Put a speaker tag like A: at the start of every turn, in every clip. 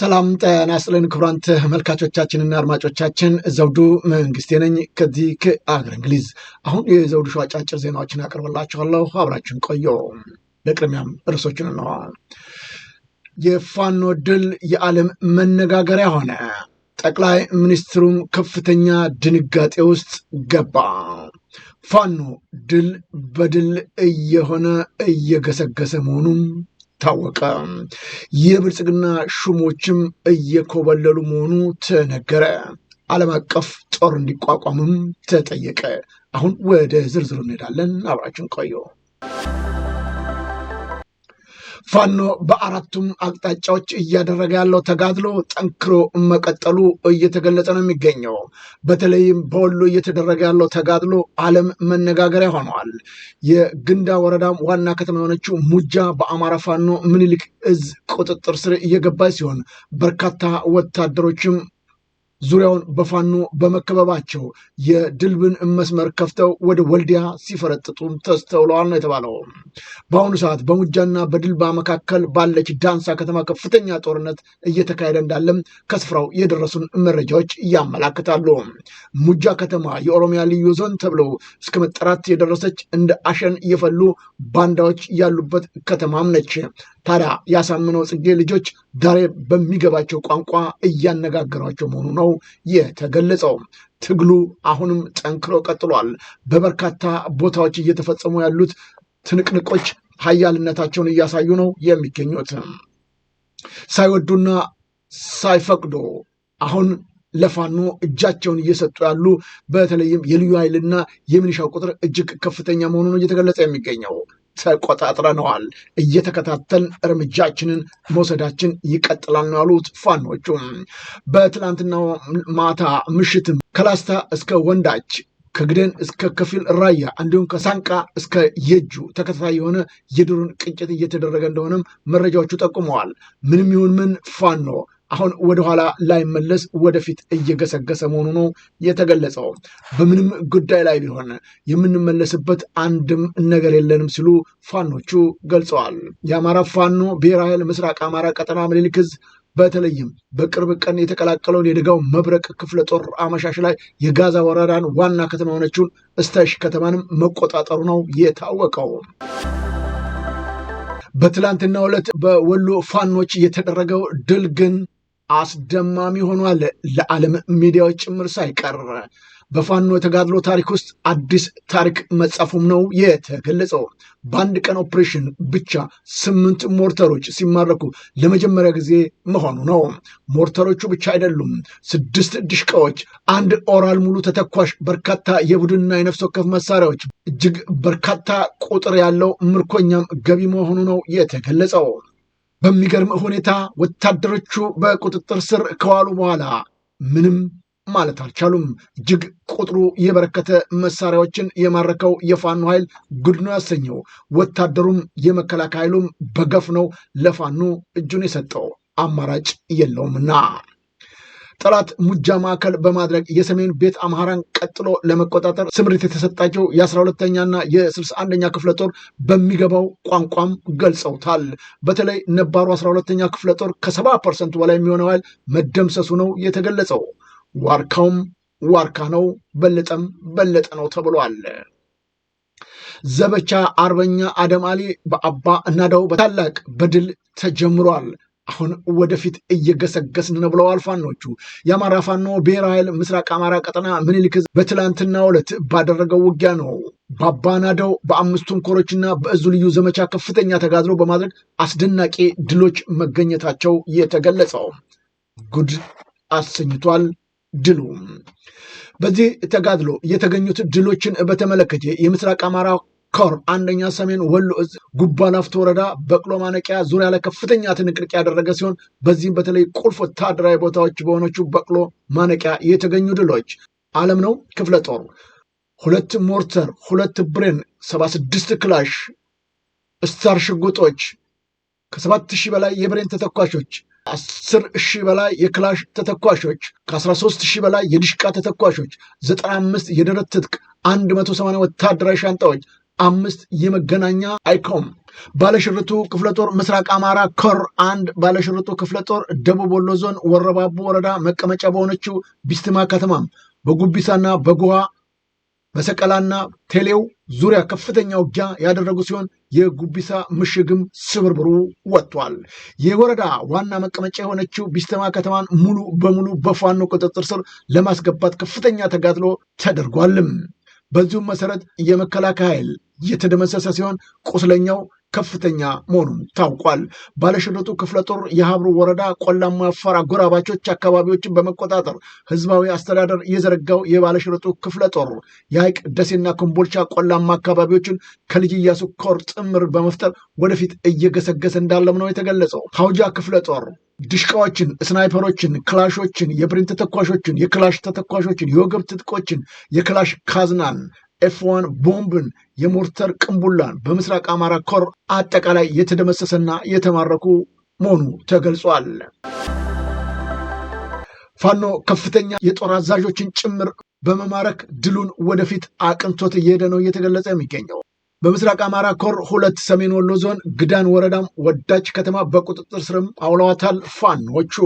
A: ሰላም ጤና ይስጥልን ክቡራን ተመልካቾቻችንና አድማጮቻችን፣ ዘውዱ መንግስቴ ነኝ ከዚህ ከአገር እንግሊዝ። አሁን የዘውዱ ሾው አጫጭር ዜናዎችን አቀርብላችኋለሁ፣ አብራችን ቆዩ። በቅድሚያም እርሶችን እነዋል። የፋኖ ድል የዓለም መነጋገሪያ ሆነ። ጠቅላይ ሚኒስትሩም ከፍተኛ ድንጋጤ ውስጥ ገባ። ፋኖ ድል በድል እየሆነ እየገሰገሰ መሆኑም ታወቀ። የብልጽግና ሹሞችም እየኮበለሉ መሆኑ ተነገረ። ዓለም አቀፍ ጦር እንዲቋቋምም ተጠየቀ። አሁን ወደ ዝርዝሩ እንሄዳለን። አብራችን ቆዩ። ፋኖ በአራቱም አቅጣጫዎች እያደረገ ያለው ተጋድሎ ጠንክሮ መቀጠሉ እየተገለጸ ነው የሚገኘው። በተለይም በወሎ እየተደረገ ያለው ተጋድሎ ዓለም መነጋገሪያ ሆነዋል። የግንዳ ወረዳም ዋና ከተማ የሆነችው ሙጃ በአማራ ፋኖ ምኒልክ እዝ ቁጥጥር ስር እየገባች ሲሆን በርካታ ወታደሮችም ዙሪያውን በፋኖ በመከበባቸው የድልብን መስመር ከፍተው ወደ ወልዲያ ሲፈረጥጡም ተስተውለዋል ነው የተባለው። በአሁኑ ሰዓት በሙጃና በድልባ መካከል ባለች ዳንሳ ከተማ ከፍተኛ ጦርነት እየተካሄደ እንዳለም ከስፍራው የደረሱን መረጃዎች ያመላክታሉ። ሙጃ ከተማ የኦሮሚያ ልዩ ዞን ተብሎ እስከ መጠራት የደረሰች እንደ አሸን የፈሉ ባንዳዎች ያሉበት ከተማም ነች። ታዲያ ያሳምነው ጽጌ ልጆች ዳሬ በሚገባቸው ቋንቋ እያነጋገሯቸው መሆኑ ነው የተገለጸው። ትግሉ አሁንም ጠንክሮ ቀጥሏል። በበርካታ ቦታዎች እየተፈጸሙ ያሉት ትንቅንቆች ሀያልነታቸውን እያሳዩ ነው የሚገኙት። ሳይወዱና ሳይፈቅዱ አሁን ለፋኖ እጃቸውን እየሰጡ ያሉ በተለይም የልዩ ኃይልና የሚኒሻው ቁጥር እጅግ ከፍተኛ መሆኑ ነው እየተገለጸ የሚገኘው። ተቆጣጥረነዋል፣ እየተከታተል እርምጃችንን መውሰዳችን ይቀጥላል ነው ያሉት ፋኖቹ። በትላንትናው ማታ ምሽትም ከላስታ እስከ ወንዳች ከግደን እስከ ከፊል ራያ እንዲሁም ከሳንቃ እስከ የጁ ተከታታይ የሆነ የድሮን ቅንጭት እየተደረገ እንደሆነም መረጃዎቹ ጠቁመዋል። ምንም ይሁን ምን ፋኖ አሁን ወደኋላ ላይመለስ ወደፊት እየገሰገሰ መሆኑ ነው የተገለጸው። በምንም ጉዳይ ላይ ቢሆን የምንመለስበት አንድም ነገር የለንም ሲሉ ፋኖቹ ገልጸዋል። የአማራ ፋኖ ብሔራዊ ኃይል ምስራቅ አማራ ቀጠና ምኒልክ በተለይም በቅርብ ቀን የተቀላቀለውን የደጋው መብረቅ ክፍለ ጦር አመሻሽ ላይ የጋዛ ወረዳን ዋና ከተማ የሆነችውን እስታይሽ ከተማንም መቆጣጠሩ ነው የታወቀው። በትላንትና ዕለት በወሎ ፋኖች የተደረገው ድል ግን አስደማሚ ሆኗል። ለዓለም ሚዲያዎች ጭምር ሳይቀር በፋኖ የተጋድሎ ታሪክ ውስጥ አዲስ ታሪክ መጻፉም ነው የተገለጸው። በአንድ ቀን ኦፕሬሽን ብቻ ስምንት ሞርተሮች ሲማረኩ ለመጀመሪያ ጊዜ መሆኑ ነው። ሞርተሮቹ ብቻ አይደሉም፤ ስድስት ድሽቃዎች፣ አንድ ኦራል ሙሉ ተተኳሽ፣ በርካታ የቡድንና የነፍስ ወከፍ መሳሪያዎች፣ እጅግ በርካታ ቁጥር ያለው ምርኮኛም ገቢ መሆኑ ነው የተገለጸው። በሚገርም ሁኔታ ወታደሮቹ በቁጥጥር ስር ከዋሉ በኋላ ምንም ማለት አልቻሉም። እጅግ ቁጥሩ የበረከተ መሳሪያዎችን የማረከው የፋኖ ኃይል ጉድ ነው ያሰኘው። ወታደሩም የመከላከያ ኃይሉም በገፍ ነው ለፋኖ እጁን የሰጠው አማራጭ የለውምና ጠላት ሙጃ ማዕከል በማድረግ የሰሜን ቤት አምሃራን ቀጥሎ ለመቆጣጠር ስምሪት የተሰጣቸው የአስራ ሁለተኛና የስልሳ አንደኛ ክፍለ ጦር በሚገባው ቋንቋም ገልጸውታል። በተለይ ነባሩ አስራ ሁለተኛ ክፍለ ጦር ከሰባ ፐርሰንት በላይ የሚሆነው ኃይል መደምሰሱ ነው የተገለጸው። ዋርካውም ዋርካ ነው፣ በለጠም በለጠ ነው ተብሏል። ዘመቻ አርበኛ አደም አሊ በአባ እናዳው በታላቅ በድል ተጀምሯል። አሁን ወደፊት እየገሰገስን ነው ብለዋል ፋኖቹ። የአማራ ፋኖ ብሔራዊ ኃይል ምስራቅ አማራ ቀጠና ምኒልክ በትላንትናው ዕለት ባደረገው ውጊያ ነው በአባናደው በአምስቱን ኮሮችና በእዙ ልዩ ዘመቻ ከፍተኛ ተጋድሎ በማድረግ አስደናቂ ድሎች መገኘታቸው የተገለጸው ጉድ አሰኝቷል። ድሉ በዚህ ተጋድሎ የተገኙት ድሎችን በተመለከተ የምስራቅ አማራ ኮር አንደኛ ሰሜን ወሎ እዝ ጉባ ላፍቶ ወረዳ በቅሎ ማነቂያ ዙሪያ ላይ ከፍተኛ ትንቅንቅ ያደረገ ሲሆን በዚህም በተለይ ቁልፍ ወታደራዊ ቦታዎች በሆነችው በቅሎ ማነቂያ የተገኙ ድሎች አለም ነው ክፍለ ጦር ሁለት ሞርተር፣ ሁለት ብሬን፣ 76 ክላሽ ስታር ሽጉጦች ከሰባት ሺህ በላይ የብሬን ተተኳሾች አስር ሺህ በላይ የክላሽ ተተኳሾች ከ13 ሺህ በላይ የድሽቃ ተተኳሾች አምስት የደረት ትጥቅ 180 ወታደራዊ ሻንጣዎች አምስት የመገናኛ አይኮም ባለሽርጡ ክፍለ ጦር ምስራቅ አማራ ኮር አንድ ባለሽርጡ ክፍለ ጦር ደቡብ ወሎ ዞን ወረባቡ ወረዳ መቀመጫ በሆነችው ቢስትማ ከተማ በጉቢሳና በጉሃ በሰቀላና ቴሌው ዙሪያ ከፍተኛ ውጊያ ያደረጉ ሲሆን የጉቢሳ ምሽግም ስብርብሩ ወጥቷል። የወረዳ ዋና መቀመጫ የሆነችው ቢስተማ ከተማን ሙሉ በሙሉ በፋኖ ቁጥጥር ስር ለማስገባት ከፍተኛ ተጋድሎ ተደርጓልም። በዚሁም መሰረት የመከላከያ ኃይል የተደመሰሰ ሲሆን ቁስለኛው ከፍተኛ መሆኑን ታውቋል። ባለሽርጡ ክፍለ ጦር የሀብሩ ወረዳ ቆላማ አፋር አጎራባቾች አካባቢዎችን በመቆጣጠር ህዝባዊ አስተዳደር የዘረጋው የባለሽርጡ ክፍለ ጦር የሀይቅ ደሴና ኮምቦልቻ ቆላማ አካባቢዎችን ከልጅ ኢያሱ ኮር ጥምር በመፍጠር ወደፊት እየገሰገሰ እንዳለም ነው የተገለጸው። ሀውጃ ክፍለ ጦር ድሽቃዎችን፣ ስናይፐሮችን፣ ክላሾችን፣ የብሬን ተተኳሾችን፣ የክላሽ ተተኳሾችን፣ የወገብ ትጥቆችን፣ የክላሽ ካዝናን ኤፍዋን ቦምብን የሞርተር ቅንቡላን በምስራቅ አማራ ኮር አጠቃላይ የተደመሰሰና የተማረኩ መሆኑ ተገልጿል። ፋኖ ከፍተኛ የጦር አዛዦችን ጭምር በመማረክ ድሉን ወደፊት አቅንቶት እየሄደ ነው እየተገለጸ የሚገኘው። በምስራቅ አማራ ኮር ሁለት ሰሜን ወሎ ዞን ግዳን ወረዳም ወዳጅ ከተማ በቁጥጥር ስርም አውለዋታል ፋኖቹ።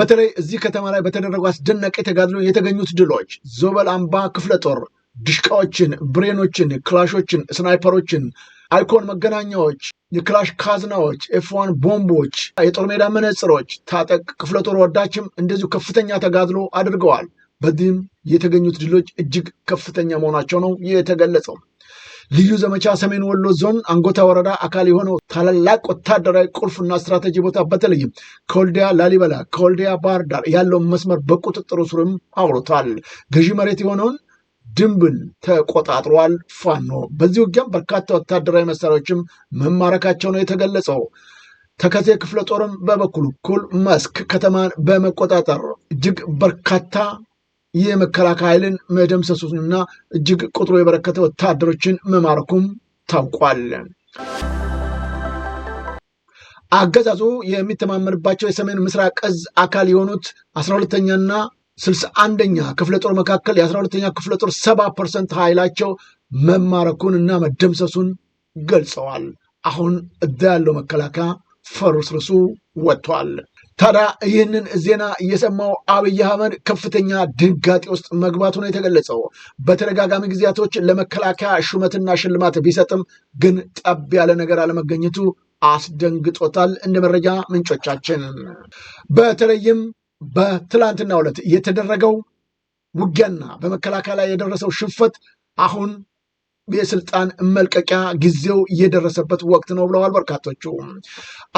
A: በተለይ እዚህ ከተማ ላይ በተደረጉ አስደናቂ ተጋድሎ የተገኙት ድሎች ዞበል አምባ ክፍለ ጦር ድሽቃዎችን፣ ብሬኖችን፣ ክላሾችን፣ ስናይፐሮችን፣ አይኮን መገናኛዎች፣ የክላሽ ካዝናዎች፣ ኤፍዋን ቦምቦች፣ የጦር ሜዳ መነጽሮች፣ ታጠቅ ክፍለ ጦር ወዳችም እንደዚሁ ከፍተኛ ተጋድሎ አድርገዋል። በዚህም የተገኙት ድሎች እጅግ ከፍተኛ መሆናቸው ነው የተገለጸው። ልዩ ዘመቻ ሰሜን ወሎ ዞን አንጎታ ወረዳ አካል የሆነው ታላላቅ ወታደራዊ ቁልፍና ስትራቴጂ ቦታ በተለይም ከወልዲያ ላሊበላ፣ ከወልዲያ ባህር ዳር ያለውን መስመር በቁጥጥሩ ስርም አውሎታል። ገዢ መሬት የሆነውን ድንብን ተቆጣጥሯል። ፋኖ በዚህ ውጊያም በርካታ ወታደራዊ መሳሪያዎችም መማረካቸው ነው የተገለጸው። ተከዜ ክፍለ ጦርም በበኩሉ ኩል መስክ ከተማን በመቆጣጠር እጅግ በርካታ የመከላከያ ኃይልን መደምሰሱና እጅግ ቁጥሩ የበረከተ ወታደሮችን መማረኩም ታውቋል። አገዛዙ የሚተማመንባቸው የሰሜን ምስራቅ እዝ አካል የሆኑት አስራ ሁለተኛና ስልሳ አንደኛ ክፍለ ጦር መካከል የአስራ ሁለተኛ ክፍለ ጦር ሰባ ፐርሰንት ኃይላቸው መማረኩን እና መደምሰሱን ገልጸዋል። አሁን እዛ ያለው መከላከያ ፈርስርሱ ወጥቷል። ታዲያ ይህንን ዜና እየሰማው አብይ አህመድ ከፍተኛ ድንጋጤ ውስጥ መግባቱ ነው የተገለጸው። በተደጋጋሚ ጊዜያቶች ለመከላከያ ሹመትና ሽልማት ቢሰጥም ግን ጠብ ያለ ነገር አለመገኘቱ አስደንግጦታል። እንደ መረጃ ምንጮቻችን በተለይም በትላንትና ዕለት የተደረገው ውጊያና በመከላከያ ላይ የደረሰው ሽንፈት አሁን የስልጣን መልቀቂያ ጊዜው የደረሰበት ወቅት ነው ብለዋል በርካቶቹ።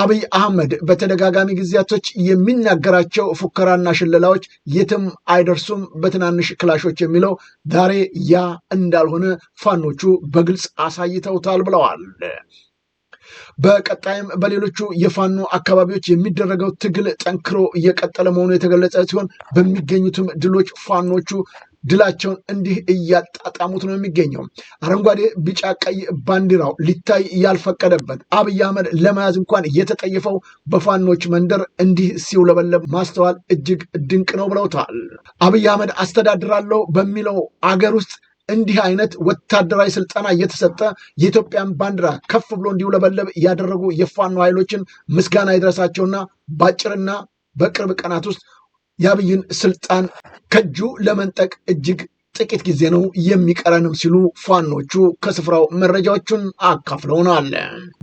A: አብይ አህመድ በተደጋጋሚ ጊዜያቶች የሚናገራቸው ፉከራና ሽለላዎች የትም አይደርሱም፣ በትናንሽ ክላሾች የሚለው ዛሬ ያ እንዳልሆነ ፋኖቹ በግልጽ አሳይተውታል ብለዋል። በቀጣይም በሌሎቹ የፋኖ አካባቢዎች የሚደረገው ትግል ጠንክሮ እየቀጠለ መሆኑ የተገለጸ ሲሆን በሚገኙትም ድሎች ፋኖቹ ድላቸውን እንዲህ እያጣጣሙት ነው የሚገኘው። አረንጓዴ፣ ቢጫ፣ ቀይ ባንዲራው ሊታይ ያልፈቀደበት አብይ አህመድ ለመያዝ እንኳን የተጠየፈው በፋኖች መንደር እንዲህ ሲውለበለብ ማስተዋል እጅግ ድንቅ ነው ብለውታል። አብይ አህመድ አስተዳድራለሁ በሚለው አገር ውስጥ እንዲህ አይነት ወታደራዊ ስልጠና እየተሰጠ የኢትዮጵያን ባንዲራ ከፍ ብሎ እንዲውለበለብ እያደረጉ የፋኖ ኃይሎችን ምስጋና ይድረሳቸውና በአጭርና በቅርብ ቀናት ውስጥ የአብይን ስልጣን ከእጁ ለመንጠቅ እጅግ ጥቂት ጊዜ ነው የሚቀረንም ሲሉ ፋኖቹ ከስፍራው መረጃዎቹን አካፍለውናል።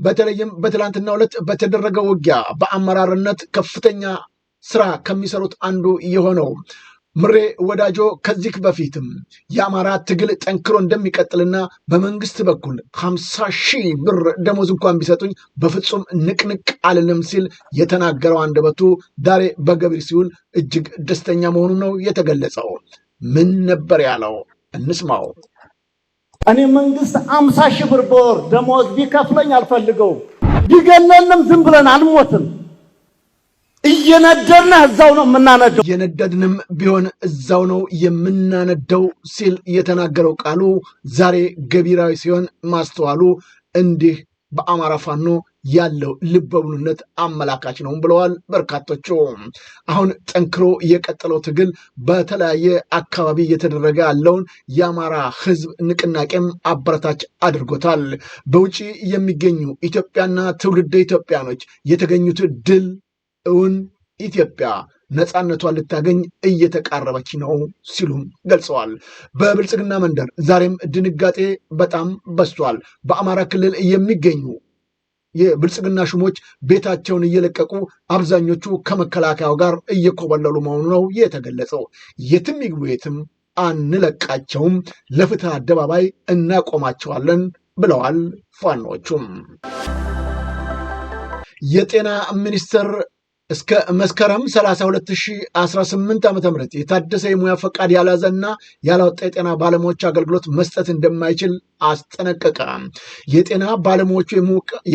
A: በተለይም በትላንትና ዕለት በተደረገው ውጊያ በአመራርነት ከፍተኛ ስራ ከሚሰሩት አንዱ የሆነው ምሬ ወዳጆ ከዚህ በፊትም የአማራ ትግል ጠንክሮ እንደሚቀጥልና በመንግስት በኩል ሀምሳ ሺህ ብር ደሞዝ እንኳን ቢሰጡኝ በፍጹም ንቅንቅ አልልም ሲል የተናገረው አንደበቱ ዛሬ በገቢር ሲውል እጅግ ደስተኛ መሆኑ ነው የተገለጸው። ምን ነበር ያለው? እንስማው። እኔ መንግስት አምሳ ሺህ ብር በወር ደሞዝ ቢከፍለኝ አልፈልገውም። ቢገለንም ዝም ብለን አልሞትም እየነደድን እዛው ነው የምናነደው፣ እየነደድንም ቢሆን እዛው ነው የምናነደው ሲል የተናገረው ቃሉ ዛሬ ገቢራዊ ሲሆን ማስተዋሉ እንዲህ በአማራ ፋኖ ያለው ልበሙሉነት አመላካች ነው ብለዋል በርካቶቹ። አሁን ጠንክሮ የቀጠለው ትግል በተለያየ አካባቢ እየተደረገ ያለውን የአማራ ሕዝብ ንቅናቄም አበረታች አድርጎታል። በውጭ የሚገኙ ኢትዮጵያና ትውልደ ኢትዮጵያኖች የተገኙት ድል እውን ኢትዮጵያ ነፃነቷን ልታገኝ እየተቃረበች ነው ሲሉም ገልጸዋል። በብልጽግና መንደር ዛሬም ድንጋጤ በጣም በዝቷል። በአማራ ክልል የሚገኙ የብልጽግና ሹሞች ቤታቸውን እየለቀቁ አብዛኞቹ ከመከላከያው ጋር እየኮበለሉ መሆኑ ነው የተገለጸው። የትም ይግቡ የትም አንለቃቸውም፣ ለፍትህ አደባባይ እናቆማቸዋለን ብለዋል ፋኖቹም። የጤና ሚኒስትር እስከ መስከረም 30 2018 ዓ ም የታደሰ የሙያ ፈቃድ ያላዘና ያላወጣ የጤና ባለሙያዎች አገልግሎት መስጠት እንደማይችል አስጠነቀቀ። የጤና ባለሙያዎቹ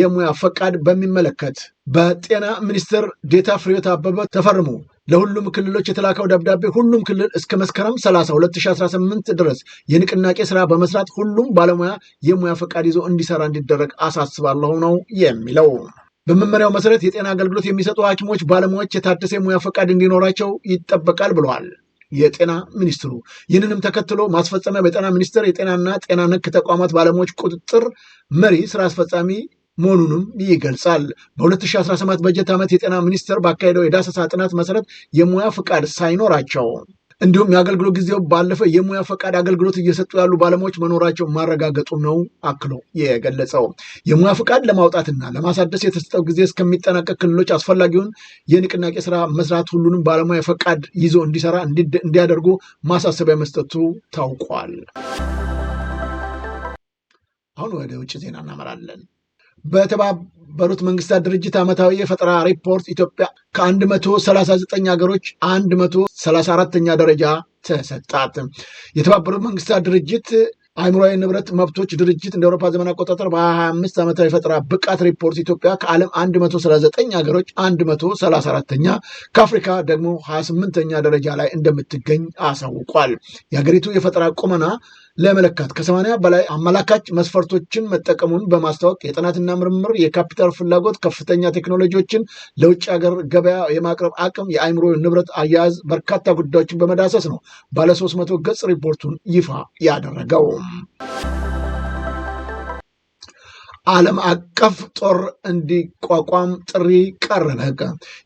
A: የሙያ ፈቃድ በሚመለከት በጤና ሚኒስትር ዴታ ፍሬዮት አበበ ተፈርሞ ለሁሉም ክልሎች የተላከው ደብዳቤ ሁሉም ክልል እስከ መስከረም 30 2018 ድረስ የንቅናቄ ስራ በመስራት ሁሉም ባለሙያ የሙያ ፈቃድ ይዞ እንዲሰራ እንዲደረግ አሳስባለሁ ነው የሚለው። በመመሪያው መሰረት የጤና አገልግሎት የሚሰጡ ሐኪሞች፣ ባለሙያዎች የታደሰ የሙያ ፈቃድ እንዲኖራቸው ይጠበቃል ብለዋል የጤና ሚኒስትሩ። ይህንንም ተከትሎ ማስፈጸሚያ በጤና ሚኒስቴር የጤናና ጤና ነክ ተቋማት ባለሙያዎች ቁጥጥር መሪ ስራ አስፈጻሚ መሆኑንም ይገልጻል። በ2018 በጀት ዓመት የጤና ሚኒስቴር ባካሄደው የዳሰሳ ጥናት መሰረት የሙያ ፈቃድ ሳይኖራቸው እንዲሁም የአገልግሎት ጊዜው ባለፈ የሙያ ፈቃድ አገልግሎት እየሰጡ ያሉ ባለሙያዎች መኖራቸው ማረጋገጡ ነው አክሎ የገለጸው። የሙያ ፈቃድ ለማውጣትና ለማሳደስ የተሰጠው ጊዜ እስከሚጠናቀቅ ክልሎች አስፈላጊውን የንቅናቄ ስራ መስራት፣ ሁሉንም ባለሙያ ፈቃድ ይዞ እንዲሰራ እንዲያደርጉ ማሳሰቢያ መስጠቱ ታውቋል። አሁን ወደ ውጭ ዜና እናመራለን። በተባበሩት መንግስታት ድርጅት ዓመታዊ የፈጠራ ሪፖርት ኢትዮጵያ ከ139 ሀገሮች 134ኛ ደረጃ ተሰጣት። የተባበሩት መንግስታት ድርጅት አእምሯዊ ንብረት መብቶች ድርጅት እንደ አውሮፓ ዘመን አቆጣጠር በ25 ዓመታዊ የፈጠራ ብቃት ሪፖርት ኢትዮጵያ ከዓለም 139 ሀገሮች 134ኛ ከአፍሪካ ደግሞ 28ኛ ደረጃ ላይ እንደምትገኝ አሳውቋል። የሀገሪቱ የፈጠራ ቁመና ለመለካት ከሰማንያ በላይ አመላካች መስፈርቶችን መጠቀሙን በማስታወቅ የጥናትና ምርምር፣ የካፒታል ፍላጎት፣ ከፍተኛ ቴክኖሎጂዎችን ለውጭ ሀገር ገበያ የማቅረብ አቅም፣ የአእምሮ ንብረት አያያዝ፣ በርካታ ጉዳዮችን በመዳሰስ ነው ባለ 3 መቶ ገጽ ሪፖርቱን ይፋ ያደረገው። ዓለም አቀፍ ጦር እንዲቋቋም ጥሪ ቀረበ።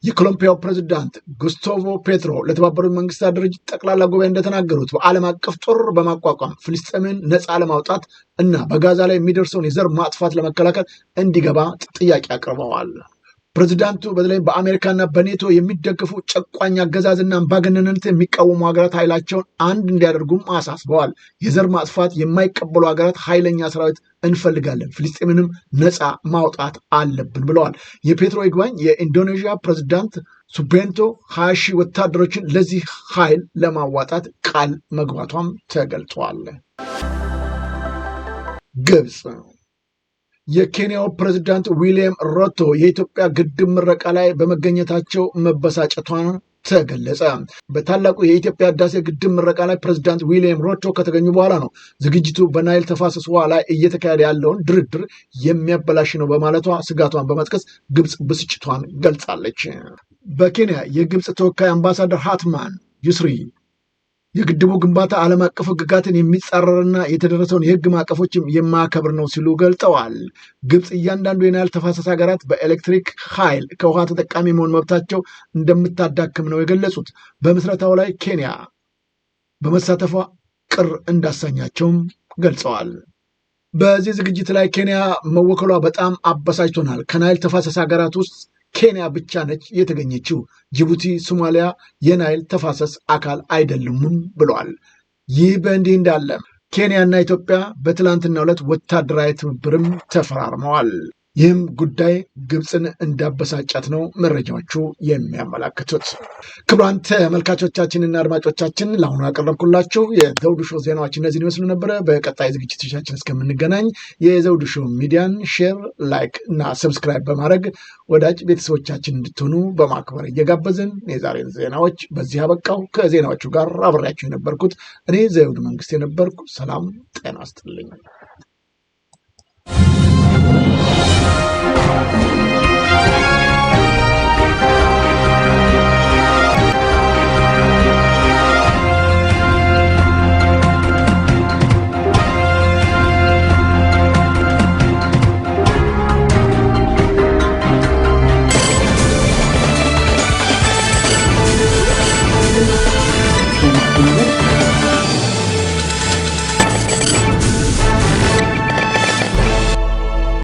A: የኮሎምፒያው ፕሬዚዳንት ጉስታቮ ፔትሮ ለተባበሩት መንግስታት ድርጅት ጠቅላላ ጉባኤ እንደተናገሩት በዓለም አቀፍ ጦር በማቋቋም ፍልስጤምን ነፃ ለማውጣት እና በጋዛ ላይ የሚደርሰውን የዘር ማጥፋት ለመከላከል እንዲገባ ጥያቄ አቅርበዋል። ፕሬዚዳንቱ በተለይም በአሜሪካና በኔቶ የሚደግፉ ጨቋኝ አገዛዝና አምባገነንነት የሚቃወሙ ሀገራት ኃይላቸውን አንድ እንዲያደርጉም አሳስበዋል። የዘር ማጥፋት የማይቀበሉ ሀገራት ኃይለኛ ሰራዊት እንፈልጋለን፣ ፍልስጤምንም ነፃ ማውጣት አለብን ብለዋል። የፔትሮ ይግባኝ የኢንዶኔዥያ ፕሬዚዳንት ሱቤንቶ ሀያ ሺህ ወታደሮችን ለዚህ ኃይል ለማዋጣት ቃል መግባቷም ተገልጿል። ግብፅ የኬንያው ፕሬዚዳንት ዊልያም ሮቶ የኢትዮጵያ ግድብ ምረቃ ላይ በመገኘታቸው መበሳጨቷን ተገለጸ። በታላቁ የኢትዮጵያ ህዳሴ ግድብ ምረቃ ላይ ፕሬዚዳንት ዊልያም ሮቶ ከተገኙ በኋላ ነው ዝግጅቱ በናይል ተፋሰስ ውሃ ላይ እየተካሄደ ያለውን ድርድር የሚያበላሽ ነው በማለቷ ስጋቷን በመጥቀስ ግብፅ ብስጭቷን ገልጻለች። በኬንያ የግብፅ ተወካይ አምባሳደር ሃትማን ዩስሪ የግድቡ ግንባታ ዓለም አቀፍ ህግጋትን የሚጻረርና የተደረሰውን የህግ ማዕቀፎችም የማያከብር ነው ሲሉ ገልጠዋል። ግብፅ እያንዳንዱ የናይል ተፋሰስ ሀገራት በኤሌክትሪክ ኃይል ከውሃ ተጠቃሚ መሆን መብታቸው እንደምታዳክም ነው የገለጹት። በምስረታው ላይ ኬንያ በመሳተፏ ቅር እንዳሰኛቸውም ገልጸዋል። በዚህ ዝግጅት ላይ ኬንያ መወከሏ በጣም አበሳጭቶናል። ከናይል ተፋሰስ ሀገራት ውስጥ ኬንያ ብቻ ነች የተገኘችው። ጅቡቲ፣ ሶማሊያ የናይል ተፋሰስ አካል አይደለሙም ብለዋል። ይህ በእንዲህ እንዳለ ኬንያና ኢትዮጵያ በትላንትናው ዕለት ወታደራዊ ትብብርም ተፈራርመዋል። ይህም ጉዳይ ግብፅን እንዳበሳጫት ነው መረጃዎቹ የሚያመላክቱት። ክቡራን ተመልካቾቻችንና አድማጮቻችን ለአሁኑ ያቀረብኩላችሁ የዘውዱ ሾው ዜናዎች እነዚህን ይመስሉ ነበረ። በቀጣይ ዝግጅቶቻችን እስከምንገናኝ የዘውዱ ሾው ሚዲያን ሼር፣ ላይክ እና ሰብስክራይብ በማድረግ ወዳጅ ቤተሰቦቻችን እንድትሆኑ በማክበር እየጋበዝን የዛሬን ዜናዎች በዚህ አበቃው። ከዜናዎቹ ጋር አብሬያቸው የነበርኩት እኔ ዘውዱ መንግስት የነበርኩ። ሰላም ጤና ይስጥልኝ።